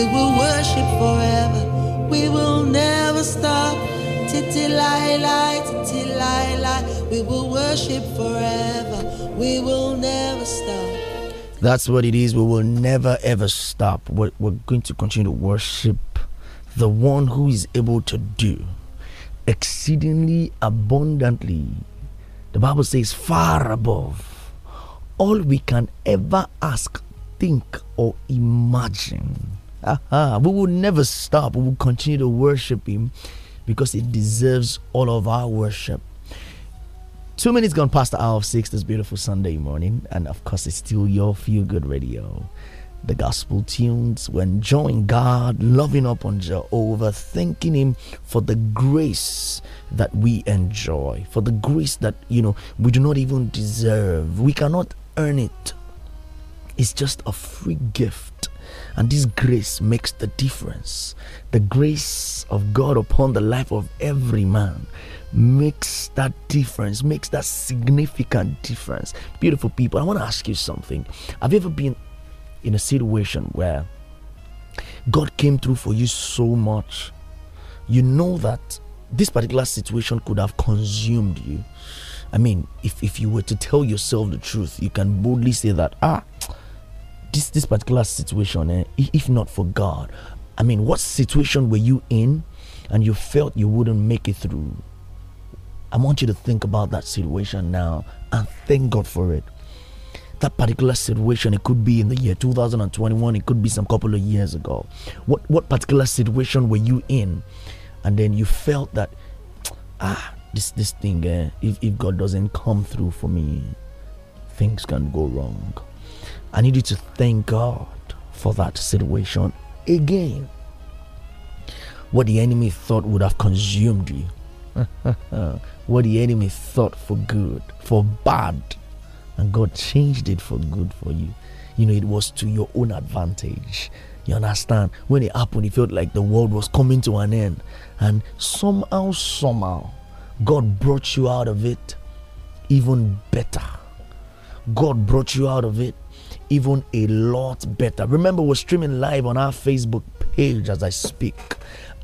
We will worship forever. We will never stop. We will worship forever. We will never stop. That's what it is. We will never ever stop. We're, we're going to continue to worship the one who is able to do exceedingly abundantly. The Bible says, far above all we can ever ask, think, or imagine. We will never stop. We will continue to worship Him because He deserves all of our worship. Two minutes gone past the hour of six this beautiful Sunday morning. And of course, it's still your feel good radio. The gospel tunes, we're enjoying God, loving up on Jehovah, thanking Him for the grace that we enjoy, for the grace that, you know, we do not even deserve. We cannot earn it. It's just a free gift and this grace makes the difference. The grace of God upon the life of every man makes that difference, makes that significant difference. Beautiful people, I want to ask you something. Have you ever been in a situation where God came through for you so much? You know that this particular situation could have consumed you. I mean, if, if you were to tell yourself the truth, you can boldly say that, ah, this this particular situation, eh, if not for God, I mean, what situation were you in, and you felt you wouldn't make it through? I want you to think about that situation now and thank God for it. That particular situation, it could be in the year 2021, it could be some couple of years ago. What what particular situation were you in, and then you felt that ah this this thing eh, if if God doesn't come through for me, things can go wrong. I need you to thank God for that situation again. What the enemy thought would have consumed you, what the enemy thought for good, for bad, and God changed it for good for you. You know, it was to your own advantage. You understand? When it happened, it felt like the world was coming to an end. And somehow, somehow, God brought you out of it even better. God brought you out of it even a lot better. Remember, we're streaming live on our Facebook page as I speak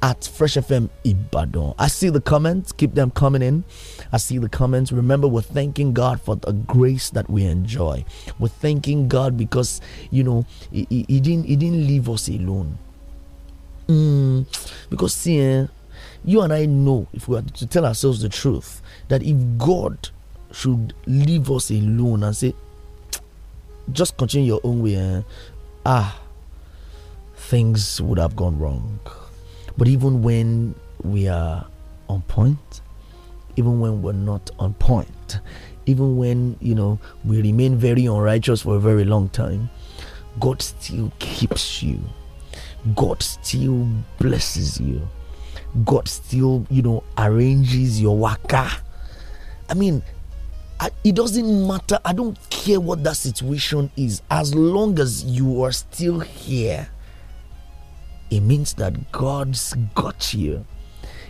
at Fresh FM Ibadan. I see the comments, keep them coming in. I see the comments. Remember, we're thanking God for the grace that we enjoy. We're thanking God because you know He, he, he didn't He didn't leave us alone. Mm, because see, eh, you and I know if we are to tell ourselves the truth that if God should leave us alone and say, just continue your own way and eh? ah things would have gone wrong but even when we are on point even when we're not on point even when you know we remain very unrighteous for a very long time god still keeps you god still blesses you god still you know arranges your waka i mean I, it doesn't matter. I don't care what that situation is. As long as you are still here, it means that God's got you.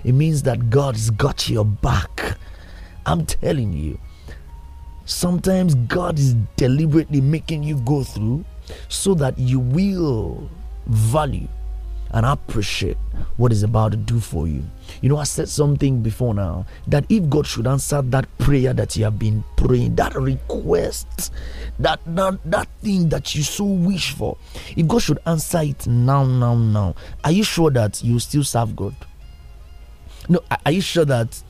It means that God's got your back. I'm telling you. Sometimes God is deliberately making you go through so that you will value and appreciate what is about to do for you. You know, I said something before now that if God should answer that prayer that you have been praying, that request, that that, that thing that you so wish for, if God should answer it now, now, now, are you sure that you still serve God? No, are you sure that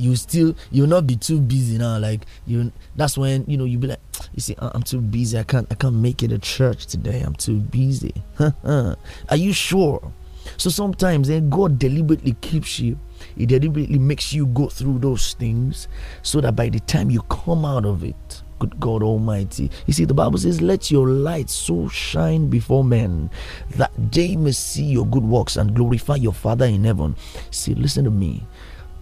you still you'll not be too busy now like you that's when you know you'll be like you see ah, i'm too busy i can't i can't make it to church today i'm too busy are you sure so sometimes then eh, god deliberately keeps you he deliberately makes you go through those things so that by the time you come out of it good God Almighty. You see, the Bible says, Let your light so shine before men that they may see your good works and glorify your Father in heaven. See, listen to me.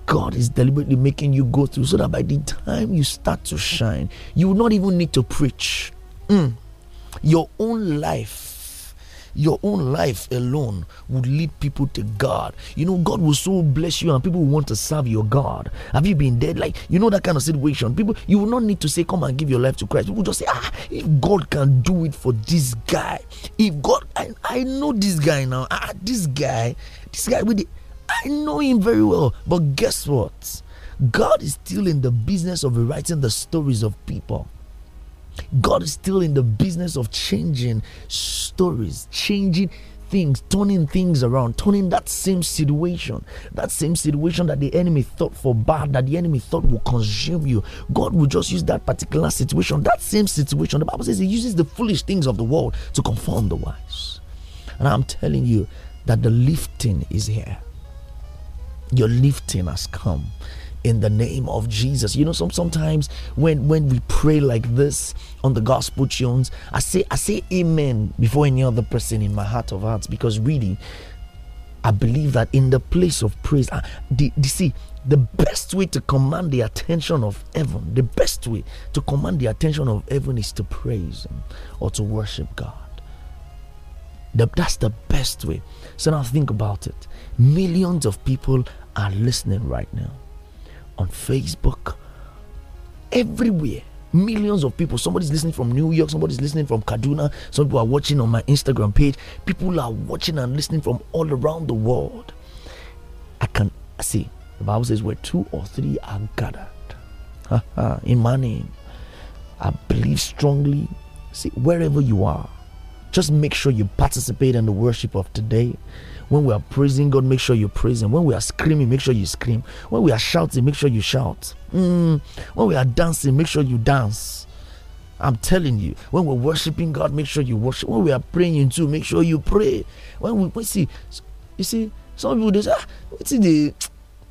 God is deliberately making you go through so that by the time you start to shine, you will not even need to preach. Mm. Your own life, your own life alone would lead people to God. You know, God will so bless you and people will want to serve your God. Have you been dead? Like, you know, that kind of situation. People, you will not need to say, Come and give your life to Christ. People just say, Ah, if God can do it for this guy, if God, I, I know this guy now, ah, this guy, this guy with the I know him very well. But guess what? God is still in the business of rewriting the stories of people. God is still in the business of changing stories, changing things, turning things around, turning that same situation, that same situation that the enemy thought for bad, that the enemy thought will consume you. God will just use that particular situation, that same situation. The Bible says He uses the foolish things of the world to confirm the wise. And I'm telling you that the lifting is here. Your lifting has come in the name of Jesus. You know, some sometimes when when we pray like this on the gospel tunes, I say I say amen before any other person in my heart of hearts because really I believe that in the place of praise, uh, the, the, see, the best way to command the attention of heaven, the best way to command the attention of heaven is to praise Him or to worship God. The, that's the best way. So now think about it. Millions of people are listening right now on Facebook, everywhere. Millions of people. Somebody's listening from New York, somebody's listening from Kaduna, some people are watching on my Instagram page. People are watching and listening from all around the world. I can see the Bible says, where two or three are gathered in my name. I believe strongly. See, wherever you are, just make sure you participate in the worship of today. When we are praising God, make sure you praise Him. When we are screaming, make sure you scream. When we are shouting, make sure you shout. Mm. When we are dancing, make sure you dance. I'm telling you, when we're worshiping God, make sure you worship. When we are praying too, make sure you pray. When we, we see, you see, some people they say, ah, what's the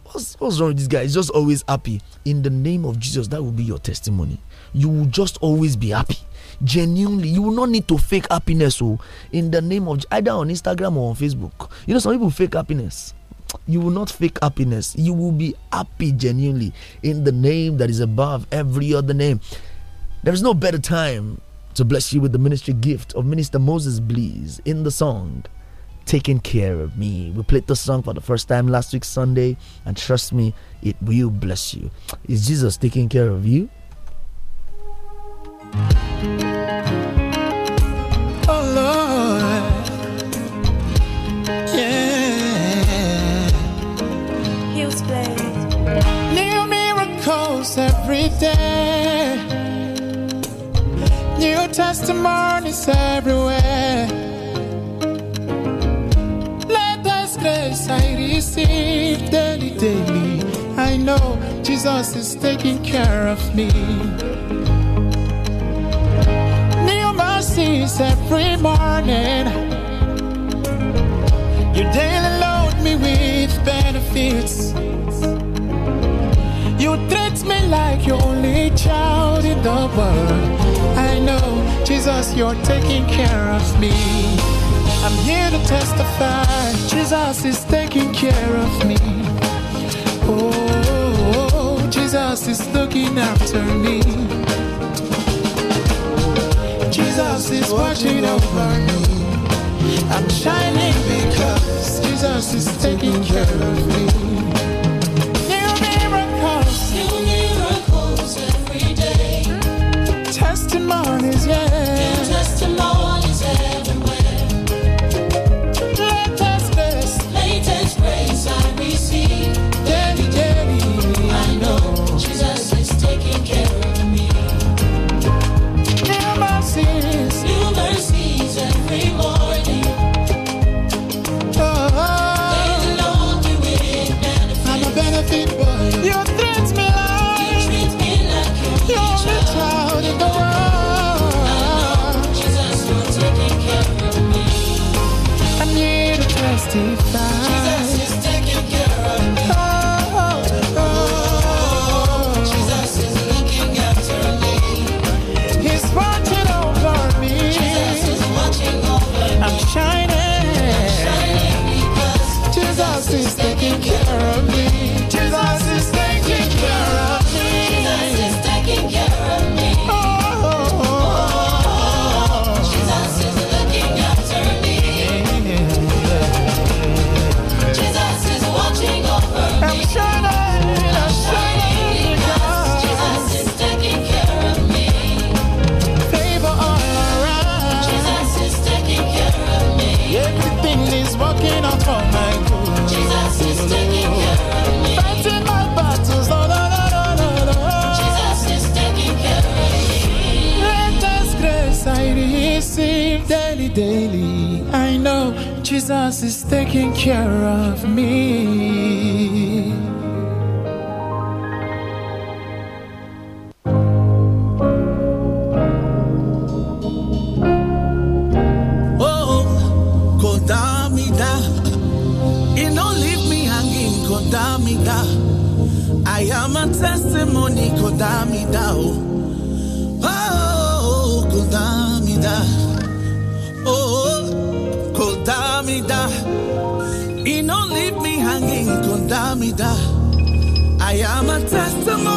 what's, what's wrong with this guy? He's just always happy. In the name of Jesus, that will be your testimony you will just always be happy genuinely you will not need to fake happiness oh in the name of either on instagram or on facebook you know some people fake happiness you will not fake happiness you will be happy genuinely in the name that is above every other name there is no better time to bless you with the ministry gift of minister moses blees in the song taking care of me. We played the song for the first time last week Sunday, and trust me, it will bless you. Is Jesus taking care of you? Oh, every day. New testimonies everywhere. Latest grace I receive daily, daily. I know Jesus is taking care of me. every morning. You daily load me with benefits. You treat me like your only child in the world. I know, Jesus, you're taking care of me. I'm here to testify, Jesus is taking care of me. Oh, oh, oh Jesus is looking after me. Jesus is watching over me. I'm shining because Jesus is taking care of me. taking care daily. I know Jesus is taking care of me. I am a testimony.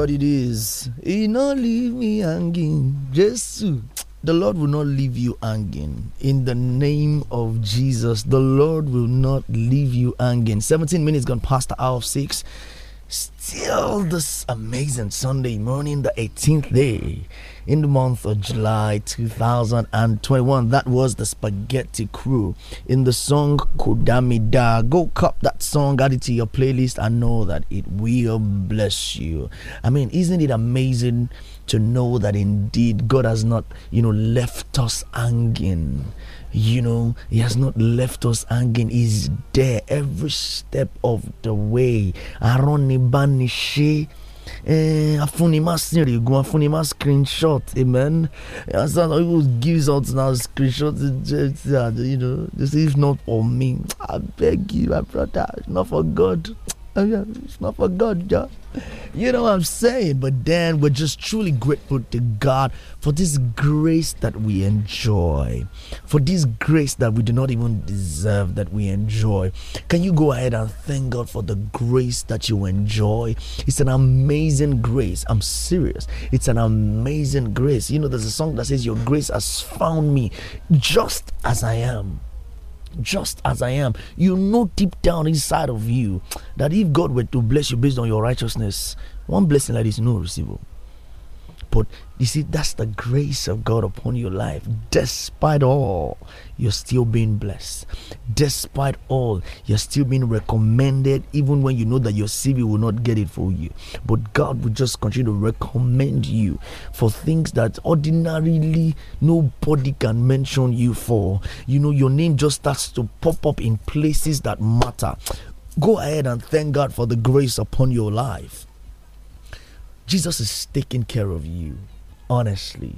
what it is. He not leave me hanging. Jesus. The Lord will not leave you hanging. In the name of Jesus, the Lord will not leave you hanging. 17 minutes gone past the hour of six still this amazing Sunday morning, the 18th day in the month of July 2021. That was the Spaghetti Crew in the song Kodamida. Go cop that song, add it to your playlist, I know that it will bless you. I mean, isn't it amazing to know that indeed God has not, you know, left us hanging? you know he has not left us hanging he's there every step of the way aronibanishe eh, afunimasirigun afunima screenshot amen as I always gives out now screenshots. you know just if not for me i beg you my brother not for god Oh, it's not for God, yeah. You know what I'm saying? But then we're just truly grateful to God for this grace that we enjoy, for this grace that we do not even deserve that we enjoy. Can you go ahead and thank God for the grace that you enjoy? It's an amazing grace. I'm serious. It's an amazing grace. You know, there's a song that says, Your grace has found me just as I am just as I am. You know deep down inside of you that if God were to bless you based on your righteousness, one blessing like this is not receivable. But you see, that's the grace of God upon your life. Despite all, you're still being blessed. Despite all, you're still being recommended, even when you know that your CV will not get it for you. But God will just continue to recommend you for things that ordinarily nobody can mention you for. You know, your name just starts to pop up in places that matter. Go ahead and thank God for the grace upon your life. Jesus is taking care of you. Honestly,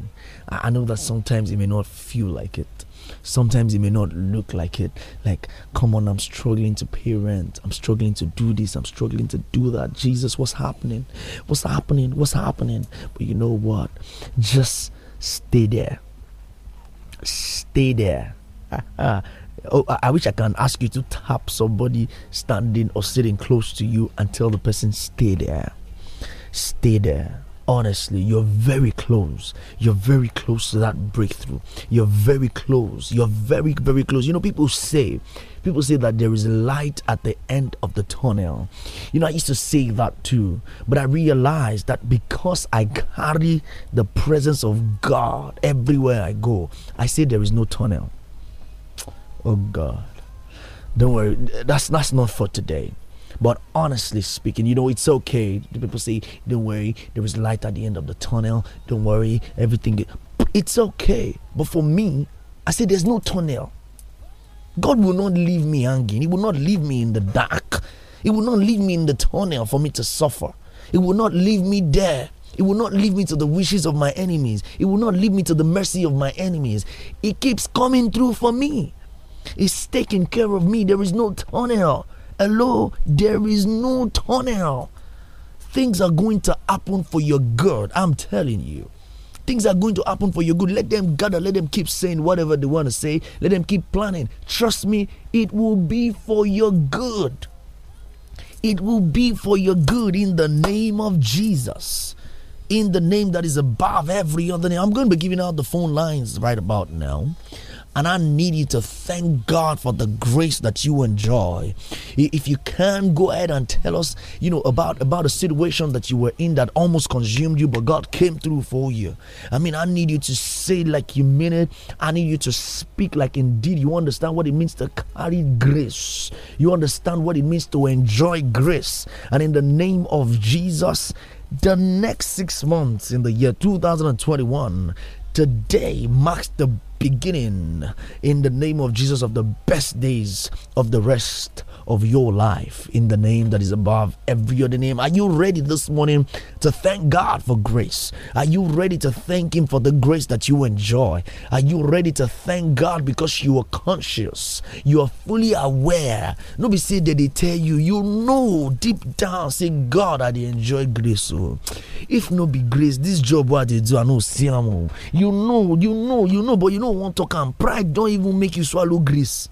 I know that sometimes it may not feel like it. Sometimes it may not look like it. Like, come on, I'm struggling to pay rent. I'm struggling to do this. I'm struggling to do that. Jesus, what's happening? What's happening? What's happening? But you know what? Just stay there. Stay there. oh, I wish I can ask you to tap somebody standing or sitting close to you and tell the person, stay there stay there. Honestly, you're very close. You're very close to that breakthrough. You're very close. You're very, very close. You know, people say, people say that there is light at the end of the tunnel. You know, I used to say that too, but I realized that because I carry the presence of God everywhere I go, I say there is no tunnel. Oh God. Don't worry, that's that's not for today. But honestly speaking, you know, it's okay. People say, don't worry, there is light at the end of the tunnel. Don't worry, everything. It's okay. But for me, I say there's no tunnel. God will not leave me hanging. He will not leave me in the dark. He will not leave me in the tunnel for me to suffer. He will not leave me there. It will not leave me to the wishes of my enemies. It will not leave me to the mercy of my enemies. It keeps coming through for me. It's taking care of me. There is no tunnel. Hello, there is no tunnel. Things are going to happen for your good. I'm telling you. Things are going to happen for your good. Let them gather. Let them keep saying whatever they want to say. Let them keep planning. Trust me, it will be for your good. It will be for your good in the name of Jesus in the name that is above every other name. I'm going to be giving out the phone lines right about now. And I need you to thank God for the grace that you enjoy. If you can, go ahead and tell us, you know, about about a situation that you were in that almost consumed you, but God came through for you. I mean, I need you to say like you mean it. I need you to speak like indeed you understand what it means to carry grace. You understand what it means to enjoy grace. And in the name of Jesus, the next six months in the year 2021, today marks the beginning in the name of Jesus of the best days of the rest of your life in the name that is above every other name. Are you ready this morning to thank God for grace? Are you ready to thank Him for the grace that you enjoy? Are you ready to thank God because you are conscious? You are fully aware. Nobody said that they tell you, you know deep down, say, God, I enjoy grace. So oh. if no be grace, this job what they do, I know see oh. You know, you know, you know, but you know won't talk Pride pride not even make you swallow grease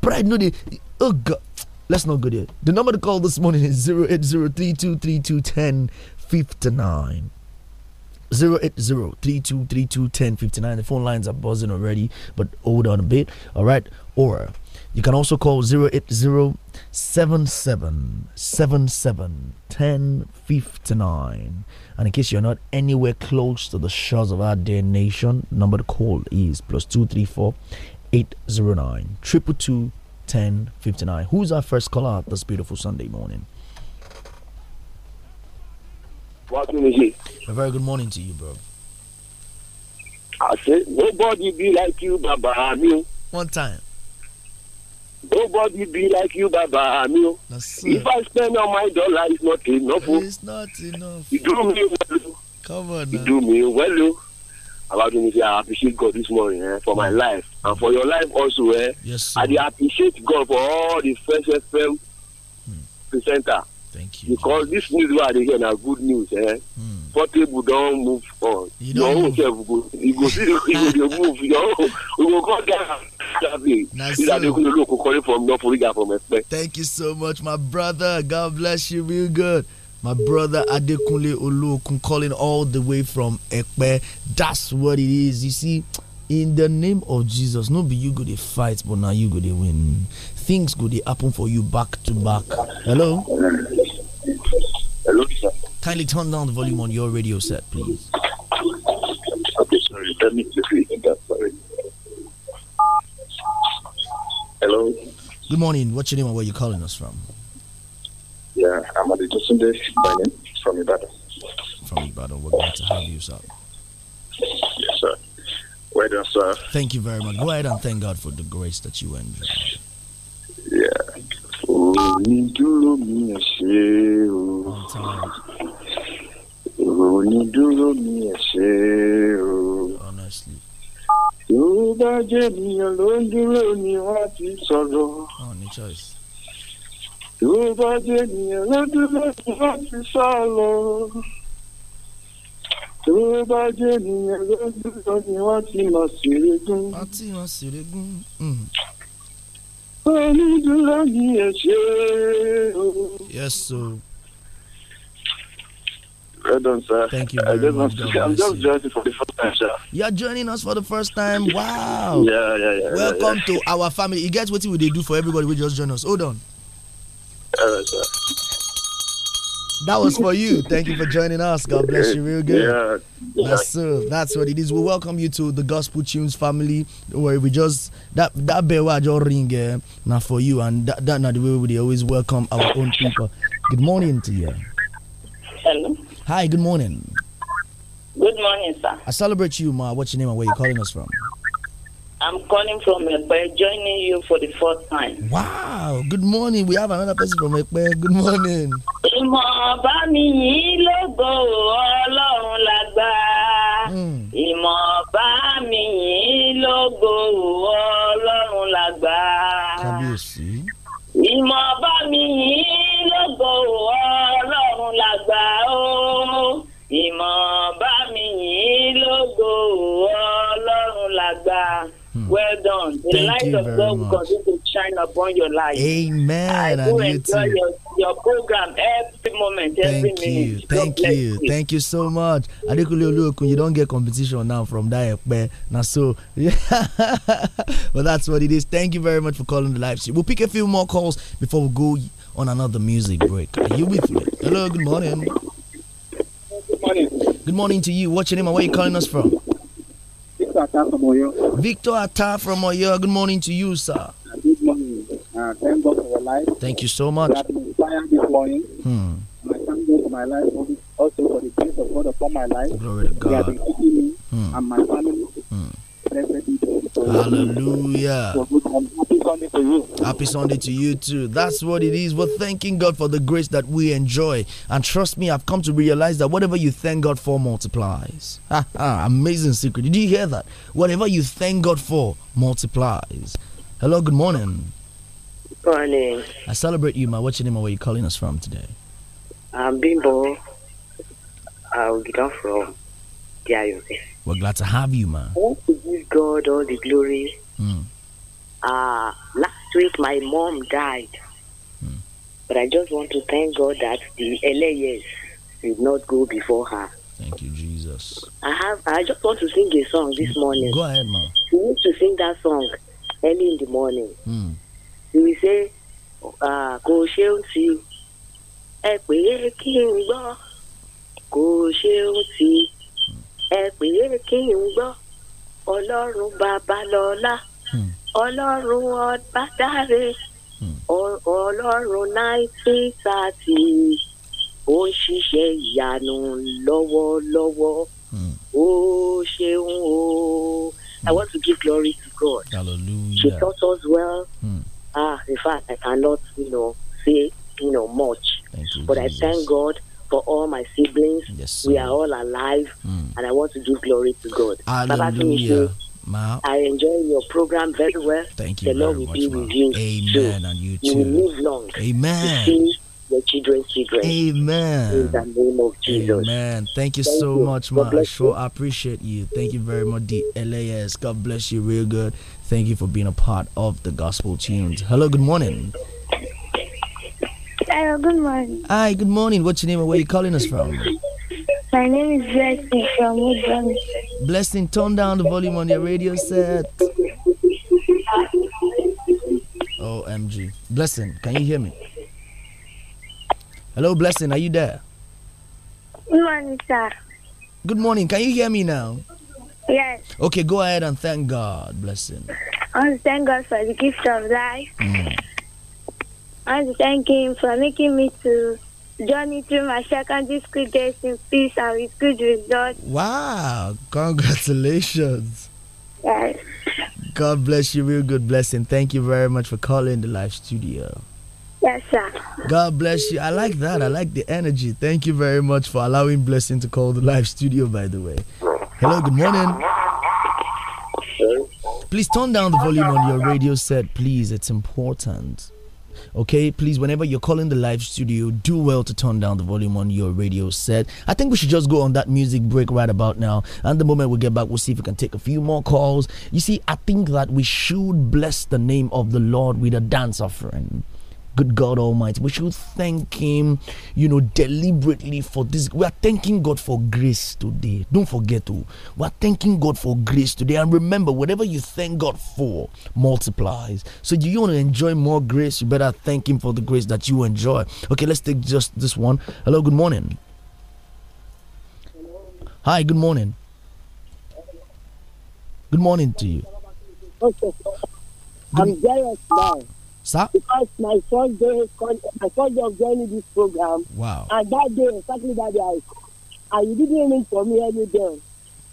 pride no The oh god let's not go there the number to call this morning is 08032321059 08032321059 the phone lines are buzzing already but hold on a bit all right or you can also call 08077771059 and in case you're not anywhere close to the shores of our dear nation, number to call is plus 234 Who's our first caller this beautiful Sunday morning? A very good morning to you, bro. I said, nobody be like you, Baba. I mean, one time nobody be like you baba mi o if i spend all my dollar it's not enough enough. you do me well o you do me well o Abatunde say I appreciate God this morning eh, for my life and for your life also eh. Yes, I dey appreciate God for all the Fresh FM hmm. presenter. Thank you. Because this news wey I dey hear na good news eh. Hmm don move on your own go you go see you go dey move your own go come down kọrí from north from ẹpẹ. thank you so much my brother god bless you real good. My brother Adekunle Oluokun calling all the way from Ekpe. That's what it is. You see, in the name of Jesus, no be you go dey fight, but now you go dey win. Things go dey happen for you back to back. Hello. Hello, sir. Kindly turn down the volume on your radio set, please. Okay, sorry. Let me just read that. Sorry. Hello. Good morning. What's your name and where you calling us from? Yeah, I'm Adetunde My name from Ibadan. From Ibadan. We're glad to have you, sir. Yes, sir. Well done, sir. Thank you very much. Go ahead and thank God for the grace that you enjoy. Yeah, onídúró mi ẹ ṣé o onídúró mi ẹ ṣé o tó bá jẹ́ ènìyàn ló ń dúró ni wọ́n ti sọ̀rọ̀ tó oh, bá jẹ́ ènìyàn ló ń dúró ni wọ́n ti sọ̀rọ̀ tó bá jẹ́ ènìyàn ló ń dúró ni wọ́n ti mọ̀ sí regún. wọ́n ti mọ̀ sí regún. Hmm yes so. Well done, sir. Thank you very I just much. Want to, I'm just joining for the first time, sir. You're joining us for the first time. Wow. yeah, yeah, yeah. Welcome yeah, yeah. to our family. You guys, what will they do for everybody We just join us? Hold on. All right, sir. that was for you. Thank you for joining us. God bless you, real good. Yeah. That's That's what it is. We welcome you to the Gospel Tunes family. Where we just that that bell I just ring eh, now for you, and that that not the way we always welcome our own people. Good morning to you. Hello. Hi. Good morning. Good morning, sir. I celebrate you, ma. What's your name and where you calling us from? I'm calling from by joining you for the fourth time. Wow. Good morning. We have another person from Ekpe. Good morning. mọ̀ bá mi yìn lógo ọlọ́run lágbà. ìmọ̀ bá mi yìn lógo ọlọ́run lágbà. Hmm. kábíyèsí. ìmọ̀ bá mi yìn lógo ọlọ́run lágbà o. ìmọ̀ bá mi yìn lógo ọlọ́run lágbà. Mm. Well done. The Thank light of God will continue to shine upon your life. Amen. I do enjoy your, your program every moment, Thank minute. You. Thank you. you. Thank you so much. Adekunle Oluokun, you don't get competition now from there, but Now, so, yeah. well, that's what it is. Thank you very much for calling the live stream. We'll pick a few more calls before we go on another music break. Are you with me? Hello, good morning. Good morning. Good morning to you. What's your name and where are you calling us from? Atta from Oyo. Victor Atta from Oyo. Good morning to you, sir. Uh, good morning. Uh, thank God for your life. Thank you so much. You been inspired this morning. Hmm. I thank God for my life, also for the grace of God upon my life. Glory to God. He has been keeping me hmm. and my family. Hmm. Hallelujah. Happy Sunday to you. Happy Sunday to you too. That's what it is. We're thanking God for the grace that we enjoy. And trust me, I've come to realize that whatever you thank God for multiplies. Amazing secret. Did you hear that? Whatever you thank God for multiplies. Hello, good morning. morning. I celebrate you, my what's your name and where you calling us from today? I'm Bimbo. I'll get off from Diayo. We're glad to have you, man. want to give God all the glory. Mm. Uh, last week, my mom died. Mm. But I just want to thank God that the LAS did not go before her. Thank you, Jesus. I have. I just want to sing a song this hmm. morning. Go ahead, man. You need to sing that song early in the morning. Mm. You will say, ah, kò ṣeun tí ẹ pé kí n gbọ́ kò ṣeun tí ẹ pè é kí n gbọ́ ọlọ́run babalọ́lá hmm. ọlọ́run ọba hmm. thirty ó ń ṣiṣẹ́ ìyanu lọ́wọ́lọ́wọ́ hmm. ó ṣeun o. I want to give glory to God. Hallelujah. She taught us well. Ah, in fact, I cannot, you know, say, you know, much. but Jesus. I thank God for all my siblings. Yes, we are all alive, mm. and I want to give glory to God. Hallelujah. Ma. I enjoy your program very well. Thank you. The Lord will much, be with you. Amen. And you too. You live long. Amen. To your children's children. Amen. In the name of Jesus. Amen. Thank you Thank so you. much, Ma. I sure appreciate you. Thank you very much, the LAS. God bless you real good. Thank you for being a part of the gospel tunes. Hello, good morning. Hello, good morning. Hi, good morning. What's your name and where are you calling us from? My name is Blessing from Woodburn. Blessing, turn down the volume on your radio set. OMG. Blessing, can you hear me? Hello, Blessing, are you there? Good morning, sir. Good morning. Can you hear me now? Yes. Okay, go ahead and thank God. Blessing. I want to thank God for the gift of life. Mm. I want to thank Him for making me to journey through my secondary school days in peace and with good results. Wow! Congratulations. Yes. God bless you. Real good blessing. Thank you very much for calling the live studio. Yes, sir. God bless you. I like that. I like the energy. Thank you very much for allowing Blessing to call the live studio, by the way. Hello, good morning. Please turn down the volume on your radio set, please. It's important. Okay, please, whenever you're calling the live studio, do well to turn down the volume on your radio set. I think we should just go on that music break right about now. And the moment we get back, we'll see if we can take a few more calls. You see, I think that we should bless the name of the Lord with a dance offering good God Almighty. We should thank Him, you know, deliberately for this. We are thanking God for grace today. Don't forget to. Oh, we are thanking God for grace today. And remember, whatever you thank God for multiplies. So you want to enjoy more grace, you better thank Him for the grace that you enjoy. Okay, let's take just this one. Hello, good morning. Hi, good morning. Good morning to you. I'm jealous now. Sir? Because my first day, my first day of joining this program. Wow. And that day, exactly that day, I, and you didn't even for me any day.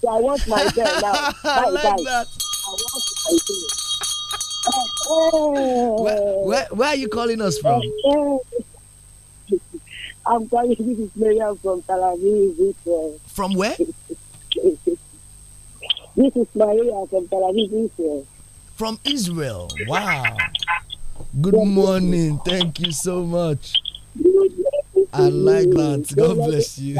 So I want my girl now. Bye, I like bye. that. I want my girl. Where, where, where are you calling us from? I'm calling this is Miriam from Tel Aviv, Israel. From where? this is Maria from Tel Aviv, Israel. From Israel. Wow. Good morning. Thank you so much. I like that. God bless you.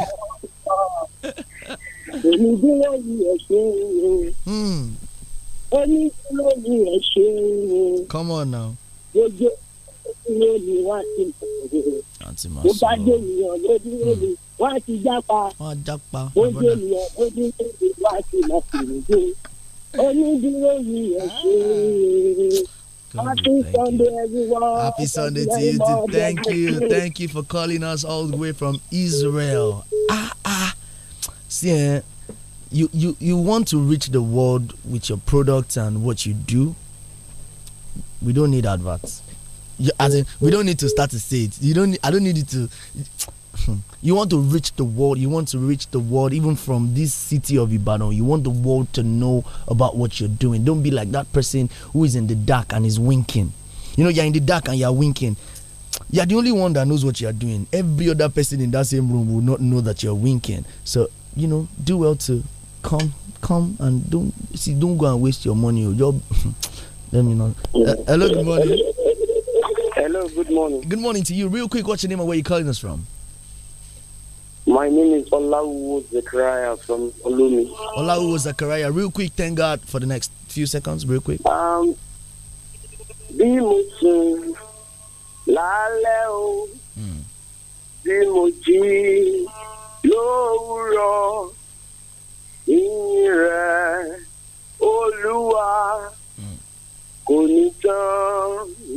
mm. Come on now. Àǹtí máa sọ. Ó bá dé ènìyàn lójú lójú, hmm. wọ́n á ti jápa. Wọ́n jápa. Ó dé ènìyàn lójú lójú, wọ́n á ti máa fèrè dé. Onídúró yìí ẹ̀ ṣe é. Happy Sunday, everyone. Happy Sunday to you. Too. Thank you. Thank you for calling us all the way from Israel. Ah, ah. See, eh, you, you, you want to reach the world with your products and what you do. We don't need adverts. You, as in, we don't need to start a state. You don't. I don't need you to. Hmm. you want to reach the world you want to reach the world even from this city of ibadan you want the world to know about what you're doing don't be like that person who is in the dark and is winking you know you're in the dark and you're winking you're the only one that knows what you're doing every other person in that same room will not know that you're winking so you know do well to come come and don't see don't go and waste your money or oh, job let me know uh, hello good morning hello good morning good morning to you real quick what's your name and where you calling us from my name is Olawu Zakaria from Olumi. Olawu Zakaria, real quick, thank God for the next few seconds, real quick. Um, bí mo sùn lálẹ́ o hmm. bí mo jí lówùrọ̀ ìyìn rẹ̀ olúwa hmm. kò ní tán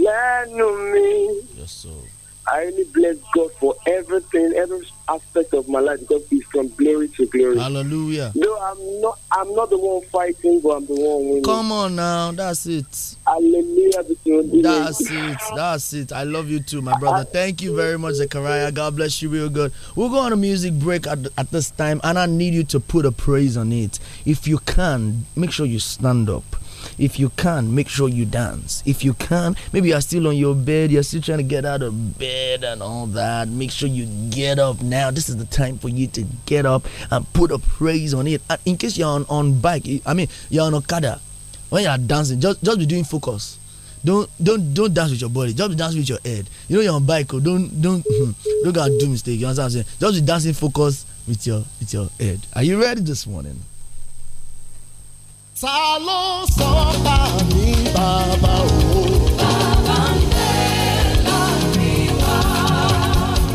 lẹ́nu mi. Yes, sir. I only bless God for everything, every aspect of my life because is from glory to glory. Hallelujah. No, I'm not. I'm not the one fighting, but I'm the one winning. Come on now, that's it. Hallelujah. That's it. That's it. I love you too, my brother. Thank you very much, Zechariah. God bless you, real good. We'll go on a music break at, at this time, and I need you to put a praise on it. If you can, make sure you stand up. If you can, make sure you dance. If you can, maybe you're still on your bed, you're still trying to get out of bed and all that. Make sure you get up now. This is the time for you to get up and put a praise on it. And in case you're on, on bike, I mean, you're on Okada, when you're dancing, just, just be doing focus don't don't don't dance with your body just dance with your head you know you're on bike oh, don't don't don't go and do mistake you understand what i'm saying just be dancing focus with your with your head are you ready this morning ta ló sọ bàbá o.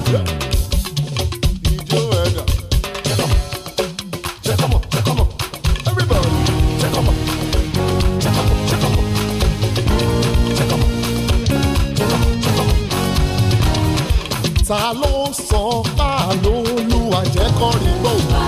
check check check check check check ta ló sọ bá lóluwà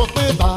sọ pé bá.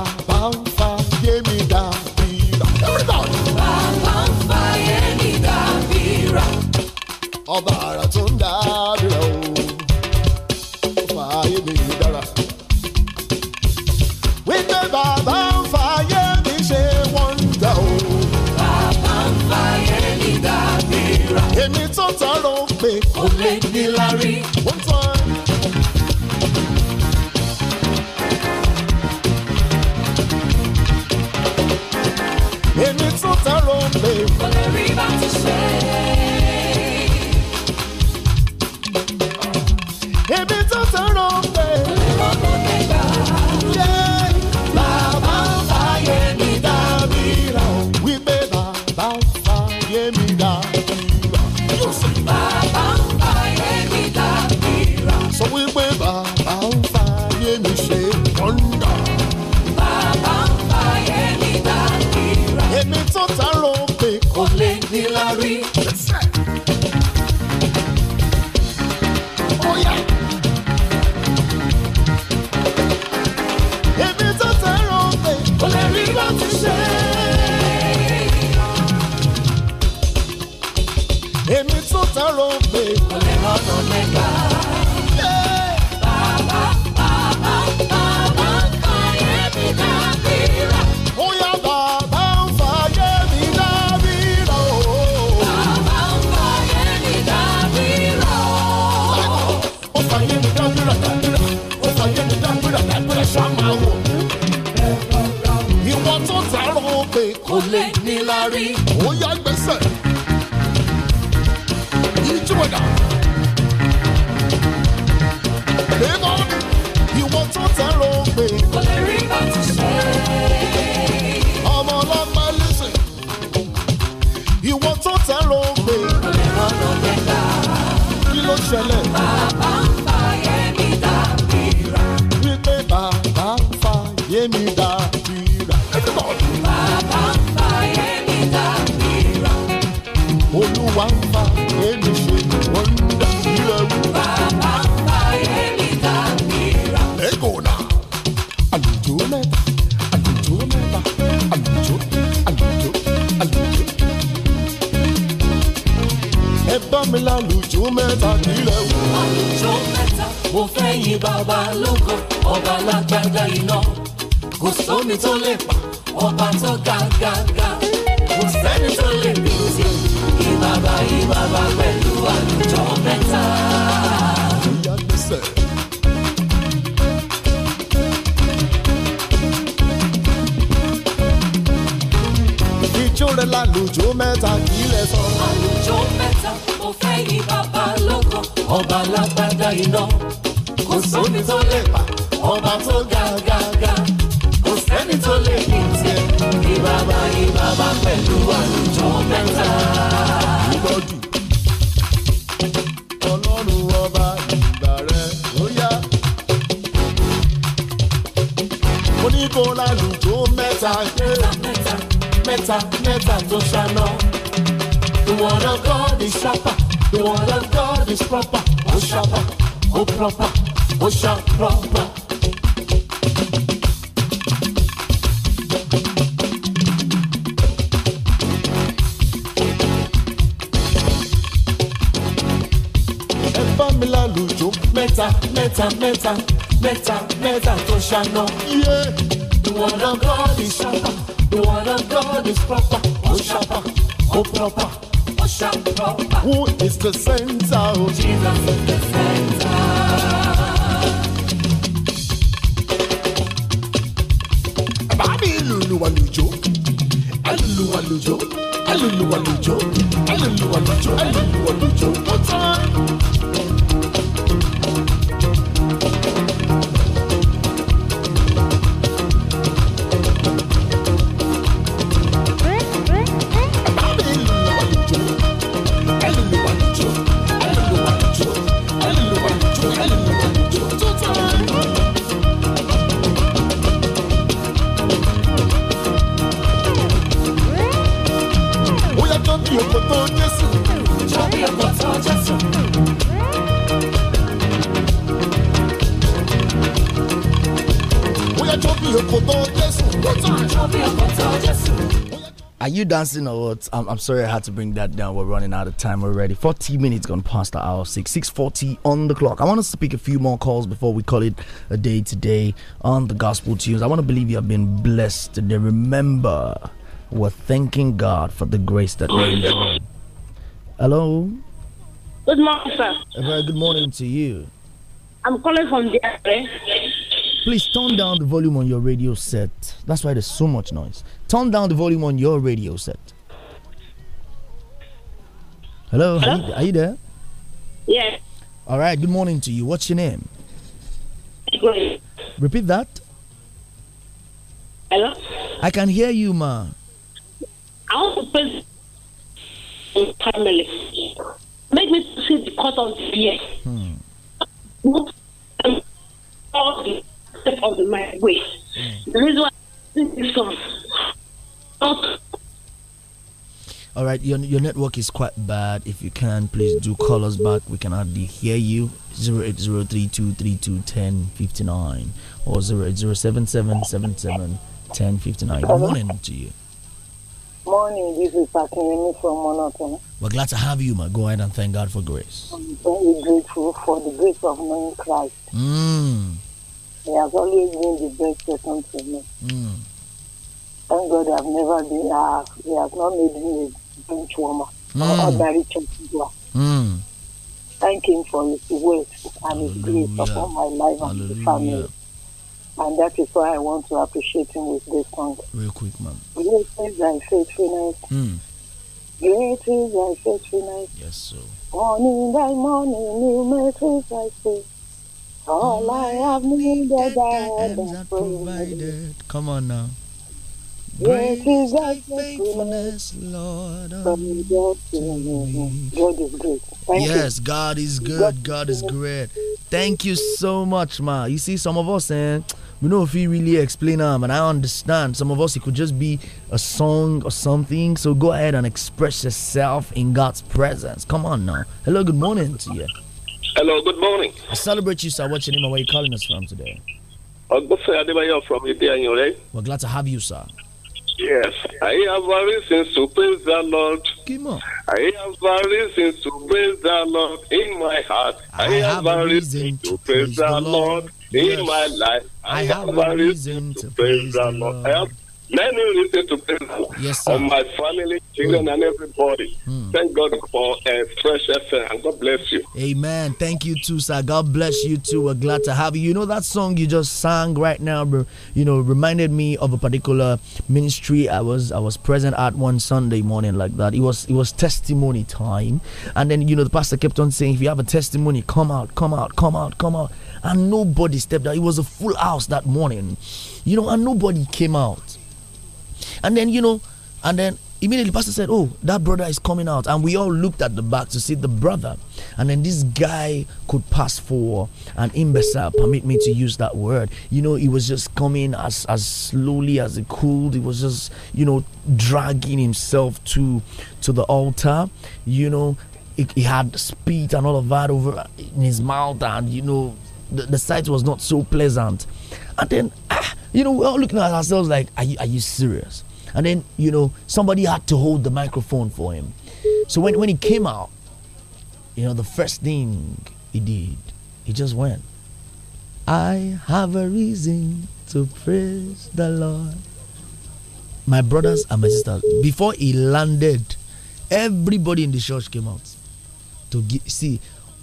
èmi tún tẹ̀rọ pé kò lè rọ́nà mẹ́gbàá. swagger. sẹ́ni tó lè pa ọba tó ga ga ga kò sẹ́ni tó lè bí ti ìbàbà ìbàbà pẹ̀lú àlùjọ mẹ́ta. ijó rẹ̀ lálùjọ mẹ́ta kì í lẹ sọ. àlùjọ mẹ́ta mo fẹ́ yí bàbá lọ́kọ̀ ọba lágbádá iná kò sómi tó lè pa ọba tó ga ga ga sẹ́ni tó lè ní tiẹ̀. ní bàbá ní bàbá pẹ̀lú àlùjọ mẹ́ta. gbọ́dù ọlọ́run ọba ìgbà rẹ̀ ó yá. oníbo lálùjọ mẹ́ta mẹ́ta tó ṣáná. The word of God is proper. The word of God is proper. Oh sharper, oh proper, oh sharp proper. mẹ́ta mẹ́ta mẹ́ta mẹ́ta mẹ́ta tó yeah. The word of God is sharper, the word of God is proper, oh sharper, oh proper, oh sharp proper. Who is the center? Jesus is the center. Are you dancing or what? I'm, I'm, sorry I had to bring that down. We're running out of time already. 40 minutes gone past the hour six. 640 on the clock. I want us to pick a few more calls before we call it a day today on the gospel tunes. I want to believe you have been blessed today. Remember, we're thanking God for the grace that we Hello. Good morning, sir. A very good morning to you. I'm calling from the area. Please turn down the volume on your radio set. That's why there's so much noise turn down the volume on your radio set. Hello, Hello? Are, you, are you there? Yes. All right, good morning to you. What's your name? Igwe. Repeat that. Hello? I can hear you, ma. I want to praise family. Make me see the court of the year. Hmm. All the step of my way. The reason why I sing this song all right, your, your network is quite bad. If you can, please do call us back. We can hardly hear you. Zero eight zero three two three two ten fifty nine or 08077771059. Good morning to you. Morning, this is Akinremi from Monaco. We're glad to have you, my go ahead and thank God for grace. I'm very grateful for the grace of knowing Christ. Mm. He has always been the best person to me. Mm. Thank God I've never been, uh, they have not made me a bench warmer mm. or a church leader. Mm. Thank Him for His work and His grace upon my life and Hallelujah. the family. And that is why I want to appreciate Him with this song. Real quick, ma'am. Great is Thy faithfulness. Mm. Great is Thy faithfulness. Yes, sir. Morning by morning, new mercies I see. All I have needed, I have provided. Come on now. Great is thy faithfulness, Lord. God is great. yes, God is good. God is great. Thank you so much, ma. You see, some of us, eh, we know if he really explain them, ah, and I understand. Some of us, it could just be a song or something. So go ahead and express yourself in God's presence. Come on now. Hello, good morning to you. Hello, good morning. I celebrate you, sir. What's your name and where you calling us from today? I'm from Ibeanyo, eh? right? We're glad to have you, sir. Yes, I have a reason to praise the Lord. I have a reason to praise the Lord in my heart. I, I have, have, a reason, to praise the Lord, Lord in my life. I, I have, have, a reason to praise the Lord. Lord. Many me listen to this yes, on my family, children, and everybody. Hmm. Thank God for a uh, fresh effort and God bless you. Amen. Thank you too, sir. God bless you too. We're glad to have you. You know that song you just sang right now, you know, reminded me of a particular ministry I was I was present at one Sunday morning like that. It was it was testimony time. And then you know the pastor kept on saying, if you have a testimony, come out, come out, come out, come out. And nobody stepped out. It was a full house that morning. You know, and nobody came out and then, you know, and then immediately the pastor said, Oh, that brother is coming out. And we all looked at the back to see the brother. And then this guy could pass for an imbecile, permit me to use that word. You know, he was just coming as, as slowly as he could. He was just, you know, dragging himself to to the altar, you know. He, he had spit and all of that over in his mouth, and you know, the, the sight was not so pleasant. And then, ah, you know, we're all looking at ourselves like, Are you, are you serious? And then, you know, somebody had to hold the microphone for him. So when, when he came out, you know, the first thing he did, he just went, I have a reason to praise the Lord. My brothers and my sisters, before he landed, everybody in the church came out to get, see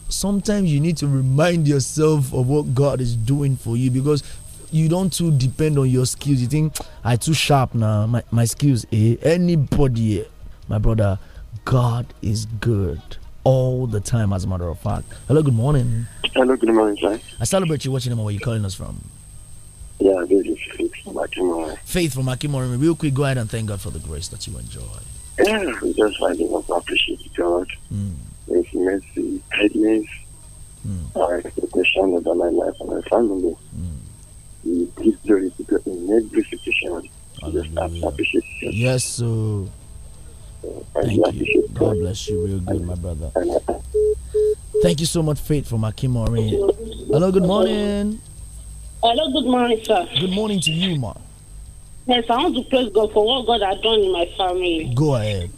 sometimes you need to remind yourself of what God is doing for you because you don't too depend on your skills you think i too sharp now my, my skills eh anybody eh? my brother god is good all the time as a matter of fact hello good morning hello good morning sir i celebrate you watching them where you calling us from yeah this is faith from akimori faith from akimori real quick go ahead and thank god for the grace that you enjoy yeah we just find it appreciate god mm. his mercy kindness mm. our expectation about my life and my family mm we glory in every situation. appreciate Yes, so. Thank you. God bless you, real good, my brother. Thank you so much, Faith, from my Maureen. Hello, good morning. Hello, good morning, sir. Good morning to you, ma. Yes, I want to praise God for what God has done in my family. Go ahead.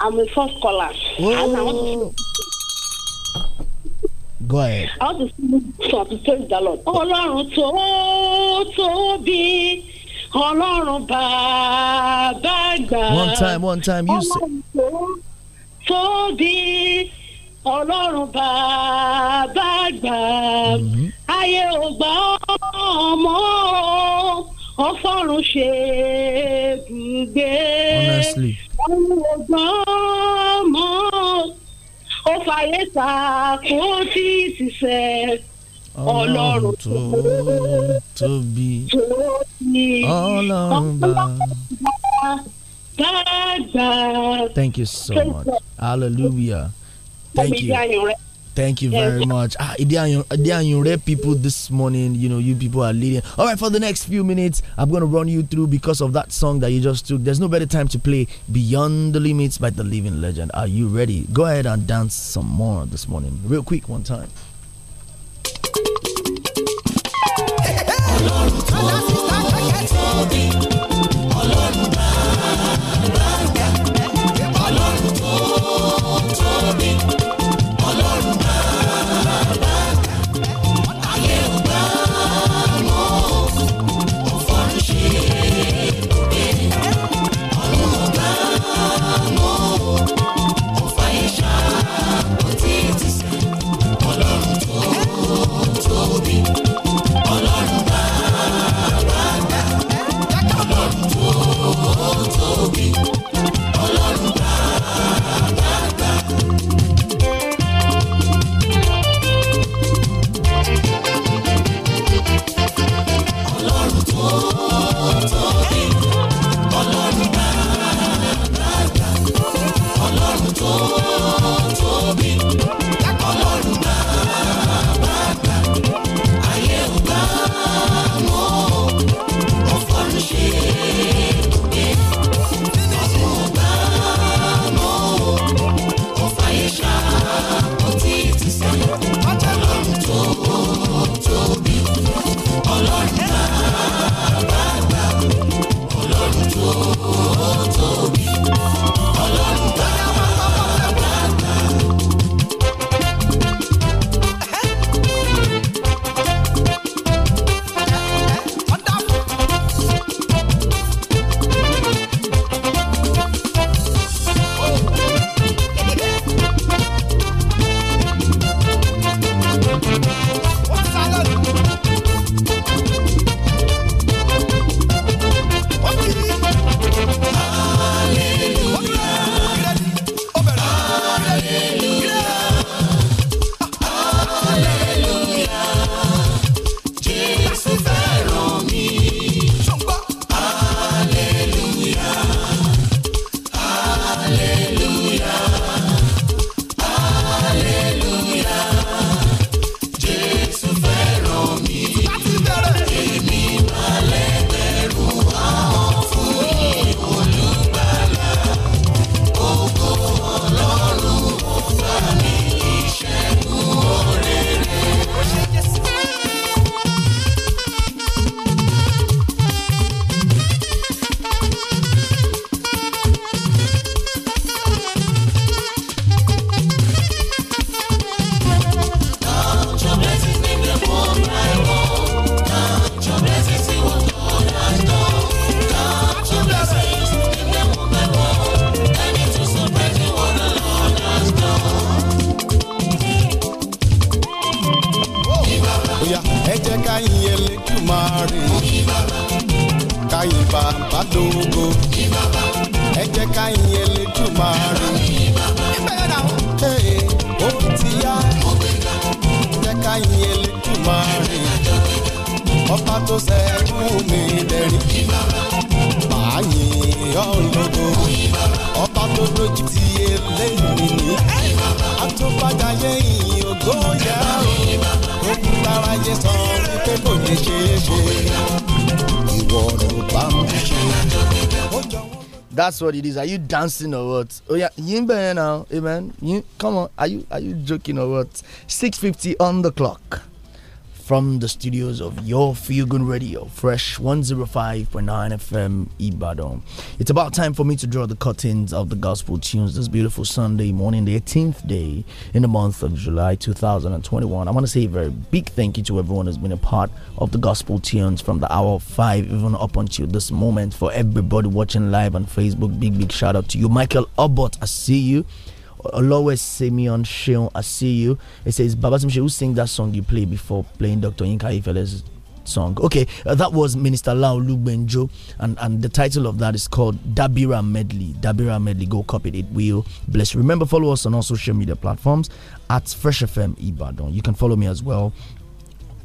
I'm a first caller. Whoa. And I want to Go ahead. I'll just start to praise the Lord. Ọlọ́run tó tóbi. Ọlọ́run bàbá gbà. One time, one time, you say. Ọlọ́run tó tóbi. Ọlọ́run bàbá gbà. Mm-hmm. Ayé ò ọmọ ọfọ́run ṣe é Honestly. Ayé ò ọmọ. ó fàyè sá kó tí ì ṣiṣẹ́ ọlọ́run tó tóbi ọlọ́run bá. Thank you so much. Hallelujah. Thank you. Thank you very much. Ah, Idianyure people this morning, you know, you people are leading. All right, for the next few minutes, I'm going to run you through because of that song that you just took. There's no better time to play Beyond the Limits by the Living Legend. Are you ready? Go ahead and dance some more this morning. Real quick, one time. Hey, hey. oh, oh. láyìn Elédùmarè ọba tó ṣẹ́kù mi dẹ̀rí báyìí ọlọ́gbọ́ ọba tó lójú ti eléyìí ni àtúbàjáyé ìyìn ògo yá o òkú tára yẹ sọ wípé kò ní ṣeé ṣe ìwọ ló bá mi ṣe ó jọ that's what it is are you dancing or what oh yeah yín bẹ̀rẹ̀ now amen yín come on are you are you joking or what six fifty on the clock. from the studios of Your Feel Good Radio, Fresh 105.9 FM Ibadan. It's about time for me to draw the curtains of the gospel tunes this beautiful Sunday morning, the 18th day in the month of July 2021. I want to say a very big thank you to everyone who's been a part of the gospel tunes from the hour 5 even up until this moment. For everybody watching live on Facebook, big, big shout out to you. Michael Abbott, I see you. Always, Simeon Sheon you. It says Simeon, who sing that song you play before playing Dr. Inka Ifele's song. Okay, uh, that was Minister Lao Benjo, and and the title of that is called Dabira Medley. Dabira Medley, go copy it. It will bless you. Remember, follow us on all social media platforms at Fresh FM Ibadan. You can follow me as well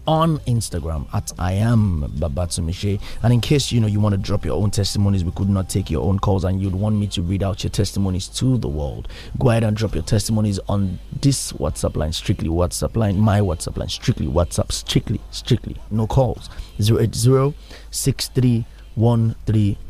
on Instagram at I am Babatsumishe. And in case you know you want to drop your own testimonies, we could not take your own calls and you'd want me to read out your testimonies to the world. Go ahead and drop your testimonies on this WhatsApp line, strictly WhatsApp line, my WhatsApp line, strictly WhatsApp, strictly, strictly, no calls. 080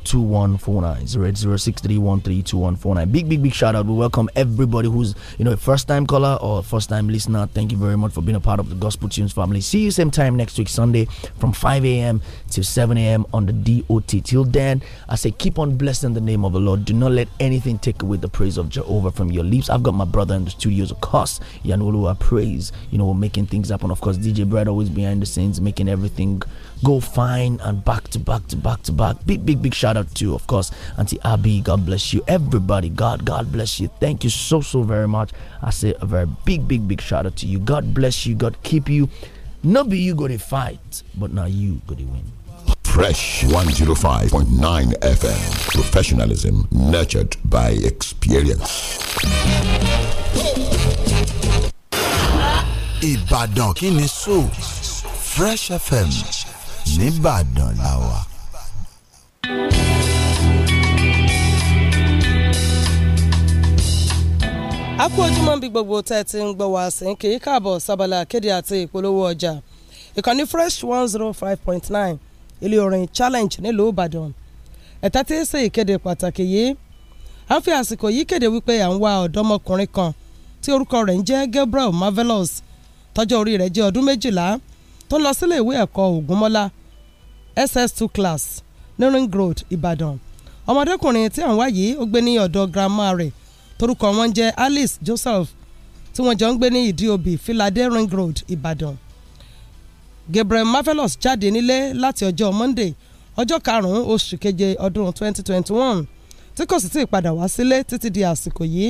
2149. Big, big, big shout out. We welcome everybody who's, you know, a first time caller or first time listener. Thank you very much for being a part of the Gospel Tunes family. See you same time next week, Sunday from 5 a.m. till 7 a.m. on the DOT. Till then, I say keep on blessing the name of the Lord. Do not let anything take away the praise of Jehovah from your lips. I've got my brother in the studios, of course, Yanulua Praise. You know, making things happen. Of course, DJ Brad always behind the scenes, making everything go fine and back to back to back to back. Big, big, big shout out out to, of course, Auntie Abby. God bless you. Everybody, God, God bless you. Thank you so, so very much. I say a very big, big, big shout out to you. God bless you. God keep you. Not be you go to fight, but now you go to win. Fresh 105.9 FM. Professionalism nurtured by experience. Ibadan kini so Fresh FM. Nìbàdàn làwà. a kú ojúmọ́ bí gbogbo tẹ́ ti ń gbọ́ wá sí ń kì í káàbọ̀ sábàlá akéde àti ìpolówó ọjà ìkànnì fresh one zero oh five point nine ilé orin challenge nílùú ìbàdàn ẹ̀tẹ́ tí ń ṣe ìkéde pàtàkì yìí a ń fi àsìkò yìí kéde wípé à ń wá ọ̀dọ́mọkùnrin kan tí orúkọ rẹ̀ ń jẹ́ Gabriel Marvelous tọ́jọ́ orí rẹ̀ jẹ́ ọdún méjìlá tó ń lọ sílé ìwé ẹ̀kọ́ Ògúnmọ́lá ss Two class ní ring road ìbàdàn ọmọdékùnrin tí à ń wá yìí ó gbé ní ọ̀dọ̀ grandma rẹ̀ torúkọ wọn jẹ́ alice joseph tí wọ́n jọ ń gbé ní ìdíobì filade ring road ìbàdàn gabriel marvelous jáde nílé láti ọjọ́ monday ọjọ́ karùn-ún oṣù keje ọdún 2021 tí kò sì tí ì padà wá sílé títí di àsìkò yìí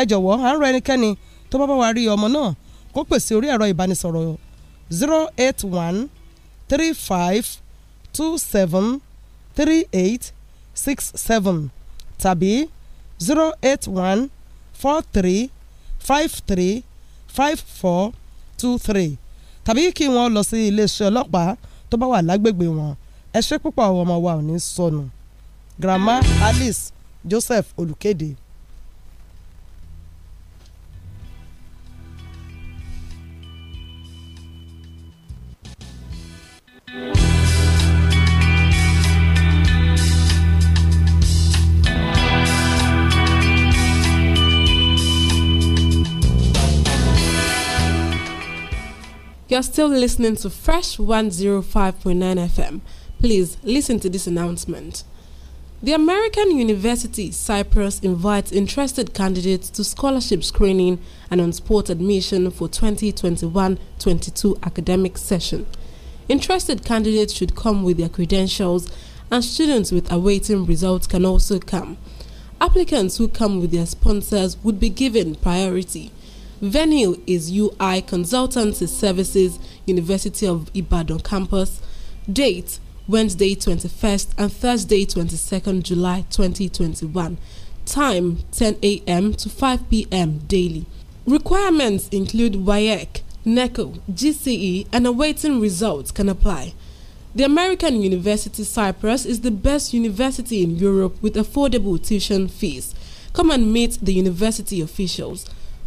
ẹ jọ̀wọ́ à ń rọ ẹnikẹ́ni tó bá bá wa rí ọmọ náà kó pèsè orí ẹ̀rọ ìbánisọ̀rọ̀ 081 35 27 three eight six seven tàbí zero eight one four three five three five four two three tàbí kí wọ́n lọ sí iléeṣẹ́ ọlọ́pàá tó bá wà lágbègbè wọn ẹ ṣe púpọ̀ ọmọ wa ò ní sọnù grandma Alice Joseph Olùkéde. You're still listening to Fresh 105.9 FM. Please listen to this announcement. The American University Cyprus invites interested candidates to scholarship screening and on sport admission for 2021 22 academic session. Interested candidates should come with their credentials, and students with awaiting results can also come. Applicants who come with their sponsors would be given priority. Venue is UI Consultancy Services, University of Ibadan campus. Date Wednesday 21st and Thursday 22nd July 2021. Time 10 a.m. to 5 p.m. daily. Requirements include WAEC, NECO, GCE, and awaiting results can apply. The American University Cyprus is the best university in Europe with affordable tuition fees. Come and meet the university officials.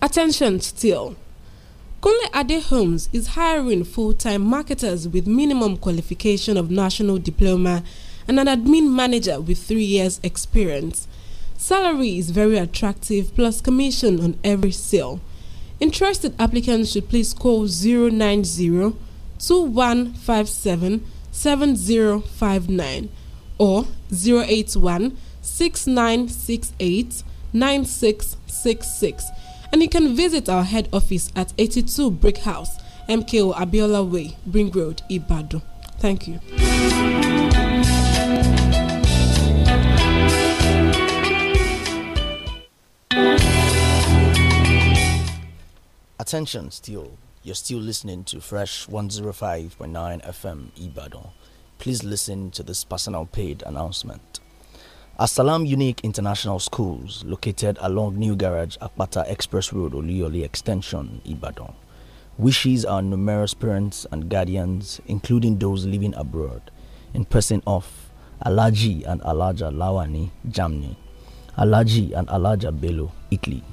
Attention still. Kunle Ade Homes is hiring full-time marketers with minimum qualification of national diploma and an admin manager with three years experience. Salary is very attractive plus commission on every sale. Interested applicants should please call 090 2157 7059 or 081 6968 9666 And you can visit our head office at 82 Brick House, MKO Abiola Way, Bring Road, Ibadan. Thank you. Attention still. You're still listening to Fresh 105.9 FM Ibadan. Please listen to this personal paid announcement. Asalam Unique International Schools, located along New Garage Akpata Express Road, Oluyole Extension, Ibadan, wishes our numerous parents and guardians, including those living abroad, in person of Alaji and Alaja Lawani, Germany, Alaji and Alaja Bello, Italy,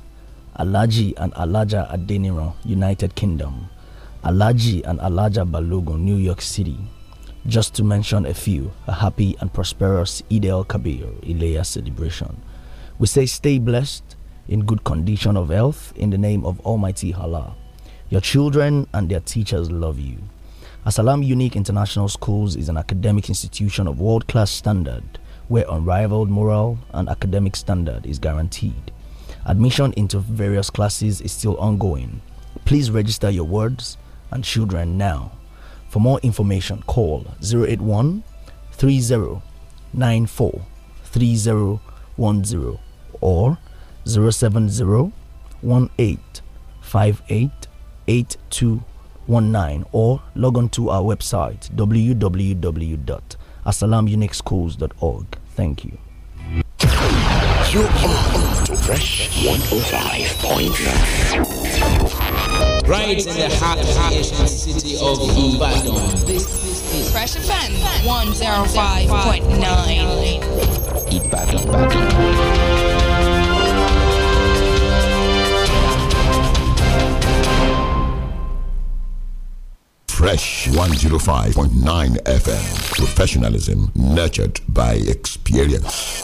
Alaji and Alaja Adeniran, United Kingdom, Alaji and Alaja Balogun, New York City, just to mention a few, a happy and prosperous Eid al Kabir Ileya celebration. We say stay blessed, in good condition of health, in the name of Almighty Allah. Your children and their teachers love you. Asalam Unique International Schools is an academic institution of world class standard where unrivaled moral and academic standard is guaranteed. Admission into various classes is still ongoing. Please register your words and children now. For more information, call 081 3094 3010 or 070 or log on to our website www.assalamunixschools.org. Thank you. You are on Fresh 105.9 right in the heart of city of Ibadan. Fresh offense 105.9 Ibadan. Ibadan. Fresh 105.9 FM. Professionalism nurtured by experience.